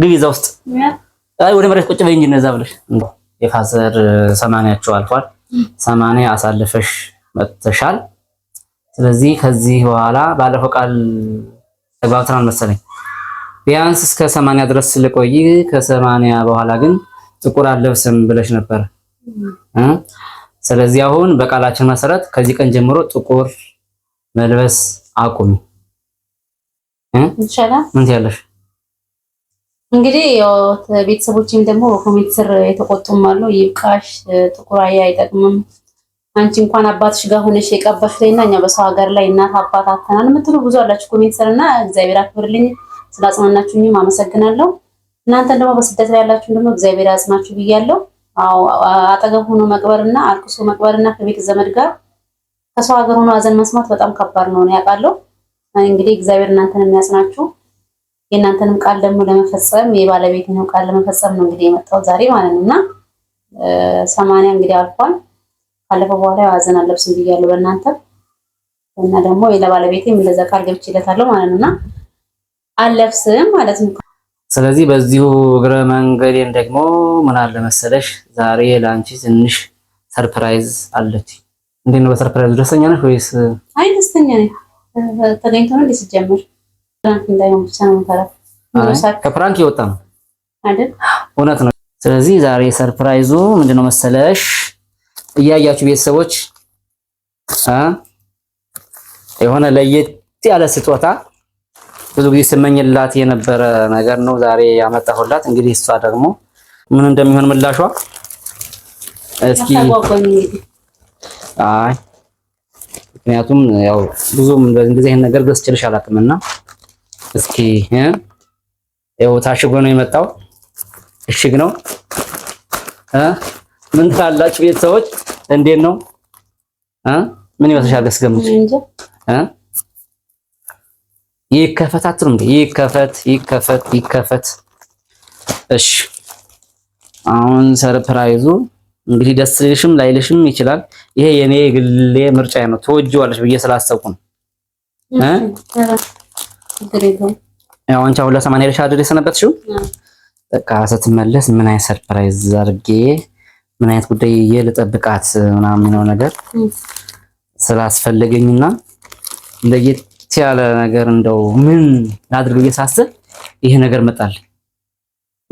ግቢ እዛ ውስጥ አይ ወደ መሬት ቁጭ በይ እንጂ እነዛ ብለሽ የፋዘር ሰማንያቸው አልፏል። ሰማንያ አሳልፈሽ መጥተሻል። ስለዚህ ከዚህ በኋላ ባለፈው ቃል ተግባብተናል መሰለኝ ቢያንስ እስከ ሰማንያ ድረስ ልቆይ ከሰማንያ በኋላ ግን ጥቁር አለብስም ብለሽ ነበር። ስለዚህ አሁን በቃላችን መሰረት ከዚህ ቀን ጀምሮ ጥቁር መልበስ አቁሚ። ምን ትያለሽ? እንግዲህ ያው ቤተሰቦችም ደግሞ በኮሜንት ስር የተቆጡም አሉ። ይብቃሽ፣ ጥቁር አያ አይጠቅምም። አንቺ እንኳን አባትሽ ጋር ሆነሽ የቀባሽ ላይ እና እኛ በሰው ሀገር ላይ እናት አባት አተናን የምትሉ ብዙ አላችሁ ኮሜንት ስር እና እግዚአብሔር አክብርልኝ። ስላጽናናችሁኝም አመሰግናለሁ። እናንተን ደግሞ በስደት ላይ ያላችሁን ደግሞ እግዚአብሔር ያጽናችሁ ብያለሁ። አጠገብ ሆኖ መቅበርና አልቅሶ መቅበርና ከቤት ዘመድ ጋር ከሰው ሀገር ሆኖ አዘን መስማት በጣም ከባድ ነው ነው ያውቃለሁ። እንግዲህ እግዚአብሔር እናንተን የሚያጽናችሁ የእናንተንም ቃል ደግሞ ለመፈጸም የባለቤትንም ቃል ለመፈጸም ነው እንግዲህ የመጣው ዛሬ ማለት ነው እና ሰማንያ እንግዲህ አልፏል። ካለፈ በኋላ ሐዘን አለብስም ብያለሁ በእናንተ እና ደግሞ ለባለቤቴም እንደዛ ቃል ገብቼለታለሁ ማለት ነው እና አለብስም ማለት ነው። ስለዚህ በዚሁ እግረ መንገዴን ደግሞ ምን አለ መሰለሽ ዛሬ ለአንቺ ትንሽ ሰርፕራይዝ አለች። እንዴት ነው በሰርፕራይዙ ደስተኛ ነሽ ወይስ? አይ ደስተኛ ነኝ። ተገኝቶ ነው እንዴ ሲጀምር ከፕራንክ የወጣ ነው አይደል? እውነት ነው። ስለዚህ ዛሬ ሰርፕራይዙ ምንድነው መሰለሽ? እያያችሁ ቤተሰቦች የሆነ ለየት ያለ ስጦታ ብዙ ጊዜ ስመኝላት የነበረ ነገር ነው ዛሬ ያመጣሁላት። እንግዲህ እሷ ደግሞ ምን እንደሚሆን ምላሿ እስኪ አይ ምክንያቱም ያው ብዙም እንደዚህ አይነት ነገር ገዝቼልሽ አላውቅምና እስኪ ያው ታሽጎ ነው የመጣው። እሽግ ነው። ምን ታላችሁ ቤተሰቦች፣ እንዴት ነው? ምን ይመስልሻል? ገስገምች ይከፈት ነው እንዴ? ይከፈት ይከፈት ይከፈት። እሺ አሁን ሰርፕራይዙ እንግዲህ ደስ ሊልሽም ላይልሽም ይችላል። ይሄ የኔ ግሌ ምርጫ ነው። ተወጂዋለሽ ብዬ ስላሰብኩ ነው። ያው አንቺ አሁን ለሰማንያ ሺህ አይደል የሰነበትሽው? በቃ ስትመለስ ምን አይነት ሰርፕራይዝ አድርጌ ምን አይነት ጉዳይ የልጠብቃት ምናምን የሚለው ነገር ስላስፈለገኝና ለየት ያለ ነገር እንደው ምን ላድርግ ብዬ ሳስብ ይሄ ነገር መጣል።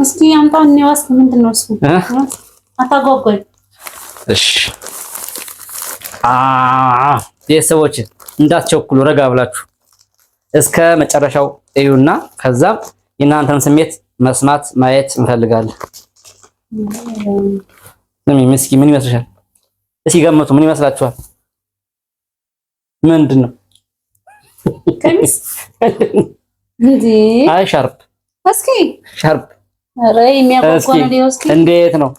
እስኪ አምጣው እንዋስ። ምንድን ነው እሱ? አታጓጓኝ። እሺ አ ቤተሰቦች እንዳትቸኩሉ፣ ረጋ ብላችሁ እስከ መጨረሻው እዩና ከዛ የእናንተን ስሜት መስማት ማየት እንፈልጋለን። ምስኪ ምን ይመስልሻል? እስኪ ገምቱ። ምን ይመስላችኋል? ምንድን ነው አይ ሻርፕ እስኪ ሻርፕ እንዴት ነው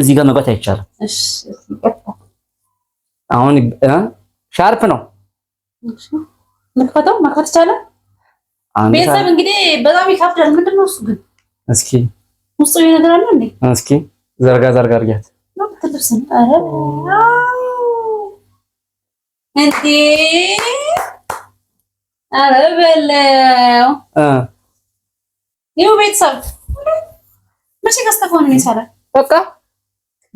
እዚህ ጋር መግባት አይቻልም። አሁን ሻርፕ ነው። ምንፈታው መክፈት ይቻለ ቤተሰብ እንግዲህ በጣም ይካፍዳል። ምንድን ነው እሱ ግን እስኪ ውስጥ ነገር አለ እንዴ? እስኪ ዘርጋ ዘርጋ አድርጊያት ነው ትልብስን። አረ እንዴ አረ በለው ይኸው ቤተሰብ መቼ ከስተፈውን ነው በቃ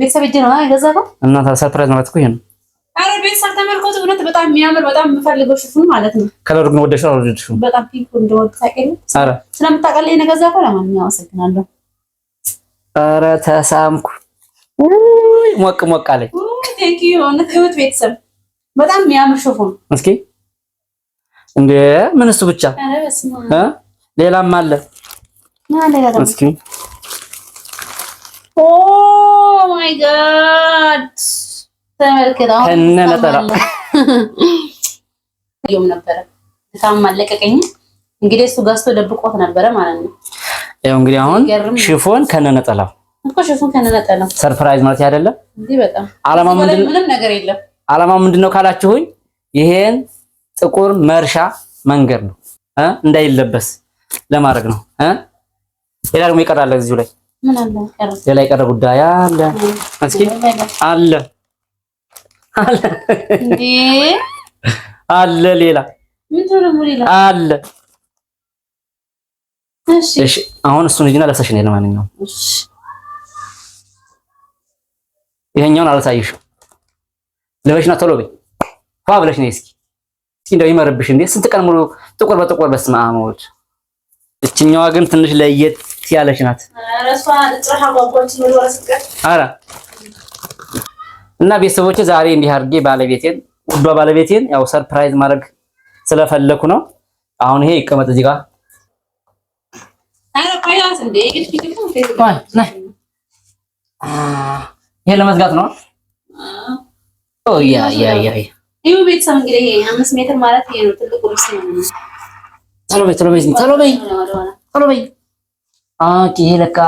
ቤተሰብ እጅ ነው አይገዛከው እና ሰርፕራይዝ ማለት እኮ ይሄ ነው አረ ቤተሰብ ተመልከቱ። እውነት በጣም የሚያምር በጣም የምፈልገው ሽፉን ማለት ነው። ከለሩ ግን ወደሽ አልወደድሽው? በጣም ፒንክ እንደወድ ታቀኝ። አረ ስለምታቀልኝ ነገር ዛኮ ለማንኛውም አመሰግናለሁ። አረ ተሳምኩ። ውይ ሞቅ ሞቅ አለኝ። ውይ ቴንክ ዩ እውነት እውነት ቤተሰብ በጣም የሚያምር ሽፉን። እስኪ እንዴ ምን እሱ ብቻ? ሌላም አለ ማለት እስኪ ኦ ማይ ጋድ ከነ ነጠላ ዮም ነበረ ሳም አለቀቀኝ። እንግዲህ እሱ ገዝቶ ደብቆት ነበረ ማለት ነው። ያው እንግዲህ አሁን ሽፎን ከነ ነጠላው እኮ ሽፎን ከነ ነጠላው ሰርፕራይዝ ማለት አይደለም። እንዴ በጣም አላማ ምንድን ምንም ነገር የለም። አላማ ምንድነው ካላችሁኝ ይሄን ጥቁር መርሻ መንገድ ነው እ እንዳይለበስ ለማድረግ ነው እ ሌላ ደግሞ ይቀራል። እዚሁ ላይ ምን አለ? ሌላ የቀረ ጉዳይ አለ። እስኪ አለ አለ ሌላ አለ። እሺ አሁን እሱን ልጅና ለሰሽ ነው። ለማንኛውም ይሄኛውን አላሳየሽም። ልበሽና ቶሎ በይ ፏ ብለሽ ነይ እስኪ እስኪ እንደው ይመርብሽ እንዴ! ስንት ቀን ሙሉ ጥቁር በጥቁር በስመ አብ ወልድ። እችኛዋ ግን ትንሽ ለየት ያለች ናት። ኧረ እና ቤተሰቦች ዛሬ እንዲህ አድርጌ ባለቤቴን ውዷ ባለቤቴን ያው ሰርፕራይዝ ማድረግ ስለፈለኩ ነው። አሁን ይሄ ይቀመጥ እዚህ ጋር። ይሄ ለመዝጋት ነው። ያ ያ ያ ይሄ ማለት ነው። ለካ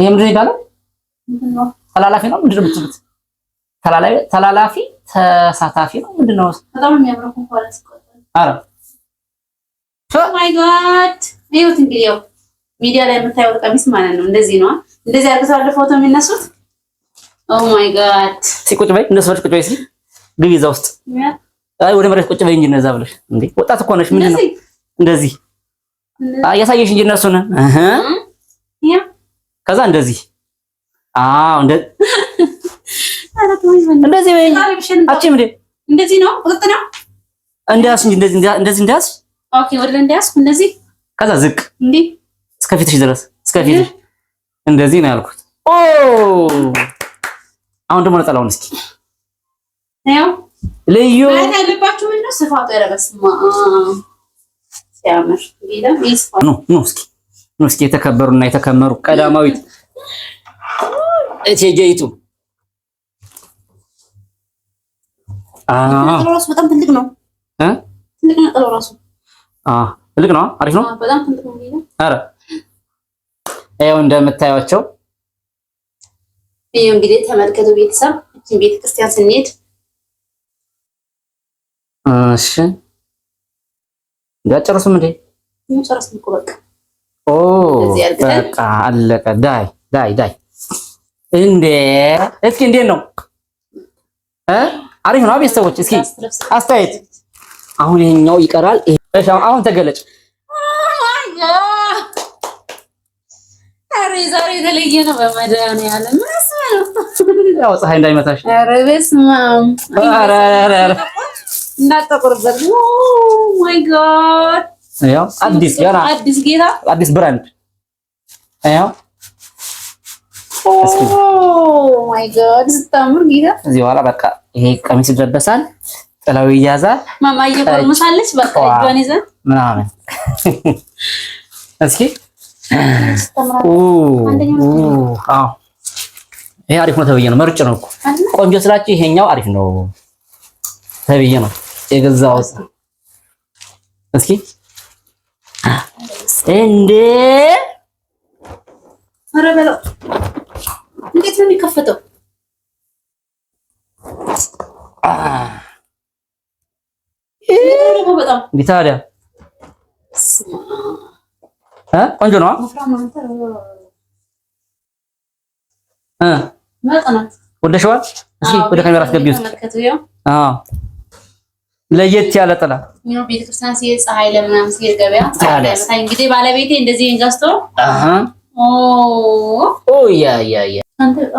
ይሄ ምንድን ነው ተላላፊ ነው ምንድን ነው ተላላፊ ተሳታፊ ነው። ምንድን ነው? በጣም የሚያምረው ኮንፈረንስ oh እንግዲህ ያው ሚዲያ ላይ የምታየው ቀሚስ ማለት ነው። እንደዚህ ነው እንደዚህ አድርገው ፎቶ የሚነሱት። ኦ ማይ ጋድ! ሲቁጭ በይ እነሱ ቁጭ በይ ሲል ግቢ እዛ ውስጥ አይ ወደ መሬት ቁጭ በይ እንጂ እነዛ ብለሽ እንዴ! ወጣት እኮ ነሽ። ምንድን ነው እንደዚህ ያሳየሽ እንጂ እነሱን። ከዛ እንደዚህ አዎ እንደ እንደዚህ ወይ አቺ ምንድን እንደዚህ ነው ነው እንዳያስ እንደዚህ እንደዚህ እንዳያስ ኦኬ፣ ወደ እንዳያስ እንደዚህ፣ ከዛ ዝቅ እስከ ፊትሽ ድረስ እስከ ፊትሽ እንደዚህ ነው ያልኩት። ኦ አሁን ደግሞ ነጠላውን እስኪ ያው ልዩ ያለባችሁ ነው ሲያምር እስኪ እስኪ የተከበሩና የተከመሩ ቀዳማዊት እቴጌይቱ ራሱ በጣም ትልቅ ነው። ትልቅ ነው ራሱ ትልቅ ነው። አሪፍ ነው። በጣም ትልቅ ነው። ይኸው እንደምታዩቸው ይሄ እንግዲህ ተመልከቱ ቤተሰብ እቺን ቤተ ክርስቲያን ስንሄድ እሺ እንዳጨረሱም እንዴ ጨረስም እኮ በቃ ኦ በቃ አለቀ። ዳይ ዳይ ዳይ እንዴ እስኪ እንዴት ነው እ አሪፍ ነው። ቤተሰቦች እስኪ አስተያየት አሁን ይሄኛው ይቀራል። አሁን ተገለጭ። ዛሬ ፀሐይ እንዳይመታሽ። አዲስ ብራንድ Oh እዚህ በኋላ በቃ ይሄ ቀሚስ ይለበሳል፣ ጥላው ይያዛል። ማማዬ ጎርምሳለች። በቃ እጇን ይዘን ምናምን እስኪ ይሄ አሪፍ ነው ተብዬ ነው መርጭ ነው እኮ ቆንጆ ስላችሁ ይሄኛው አሪፍ ነው ተብዬ ነው የገዛሁት። እስኪ እንዴ ኧረ በለው እንዴት ታዲያ እ ቆንጆ ነው እ ወደሽዋል። እሺ ወደ ካሜራ አስገቢ አዎ ለየት ያለ ጥላ ቤተክርስቲያን ሲሄድ ፀሐይ ለምናምን ሲሄድ ገበያ እንግዲህ ባለቤቴ እንደዚህ ገዝቶ ኧረ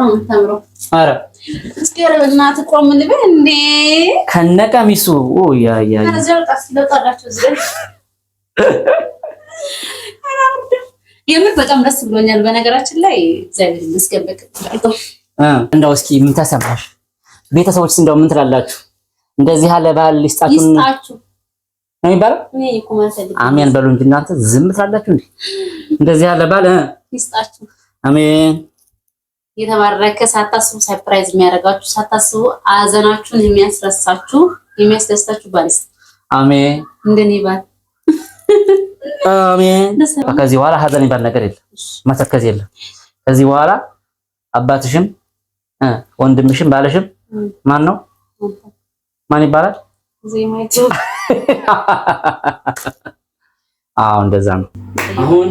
ከነቀሚሱ የምር በጣም ደስ ብሎኛል። በነገራችን ላይ እግዚአብሔር ይመስገን። እንደው እስኪ ምን ተሰማሽ? ቤተሰቦችስ እንደው ምን ትላላችሁ? እንደዚህ ያለ ባህል ይስጣችሁ ነው የሚባለው። አሜን በሉ እንጂ እናንተ ዝም ትላላችሁ እንዴ? እንደዚህ ያለ ይስጣችሁ። አሜን የተባረከ ሳታስቡ ሰርፕራይዝ የሚያደርጋችሁ ሳታስቡ አዘናችሁን የሚያስረሳችሁ የሚያስደስታችሁ ባልስ አሜን። እንደኔ ባል አሜን። ከዚህ በኋላ ሀዘን የሚባል ነገር የለም፣ መተከዝ የለም። ከዚህ በኋላ አባትሽም ወንድምሽም ባለሽም ማን ነው ማን ይባላል? አዎ እንደዛ ነው። አሁን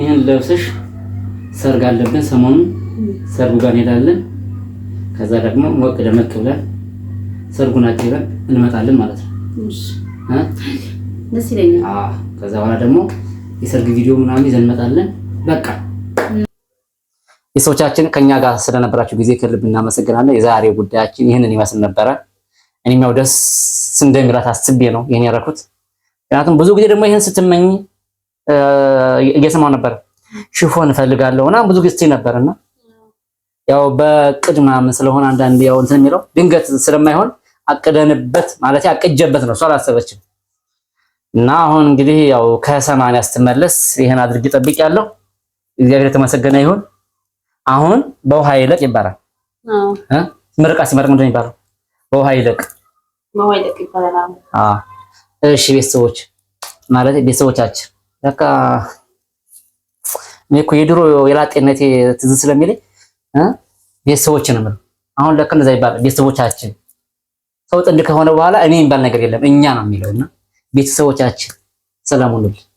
ይህን ለብሰሽ ሰርግ አለብን ሰሞኑን ሰርጉ ጋር እንሄዳለን። ከዛ ደግሞ ሞቅ ደመቅ ብለን ሰርጉን አጅበን እንመጣለን ማለት ነው። ደስ ይለኛል። ከዛ በኋላ ደግሞ የሰርግ ቪዲዮ ምናምን ይዘን እንመጣለን። በቃ የሰዎቻችን ከኛ ጋር ስለነበራችሁ ጊዜ ከልብ እናመሰግናለን። የዛሬው ጉዳያችን ይህንን ይመስል ነበረ። እኔም ያው ደስ እንደሚላት አስቤ ነው ይህን ያደረኩት። ምክንያቱም ብዙ ጊዜ ደግሞ ይህን ስትመኝ እየሰማው ነበር። ሽፎን እፈልጋለሁ እና ብዙ ጊዜ ስትይ ነበርና ያው በቅድ ምናምን ስለሆነ አንዳንድ ያው እንትን የሚለው ድንገት ስለማይሆን አቅደንበት ማለት አቅጀበት ነው። እሷ አላሰበችም። እና አሁን እንግዲህ ያው ከሰማንያ ስትመለስ ይሄን አድርጌ ጠብቄያለሁ። እግዚአብሔር የተመሰገነ ይሁን። አሁን በውሃ ይለቅ ይባላል። አዎ ምርቃ ሲመርቅ ምንድን ይባላል? በውሃ ይለቅ በውሃ ይለቅ ይባላል። አዎ እሺ። ቤተሰቦች ማለት ቤተሰቦቻችን በቃ እኔ እኮ የድሮ የላጤነቴ ትዝ ስለሚለኝ ቤተሰቦች ነው አሁን ለከ እንደዛ ይባላል። ቤተሰቦቻችን ሰው ጥንድ ከሆነ በኋላ እኔ የሚባል ነገር የለም እኛ ነው የሚለውና ቤተሰቦቻችን ሰላም ሁኑልን።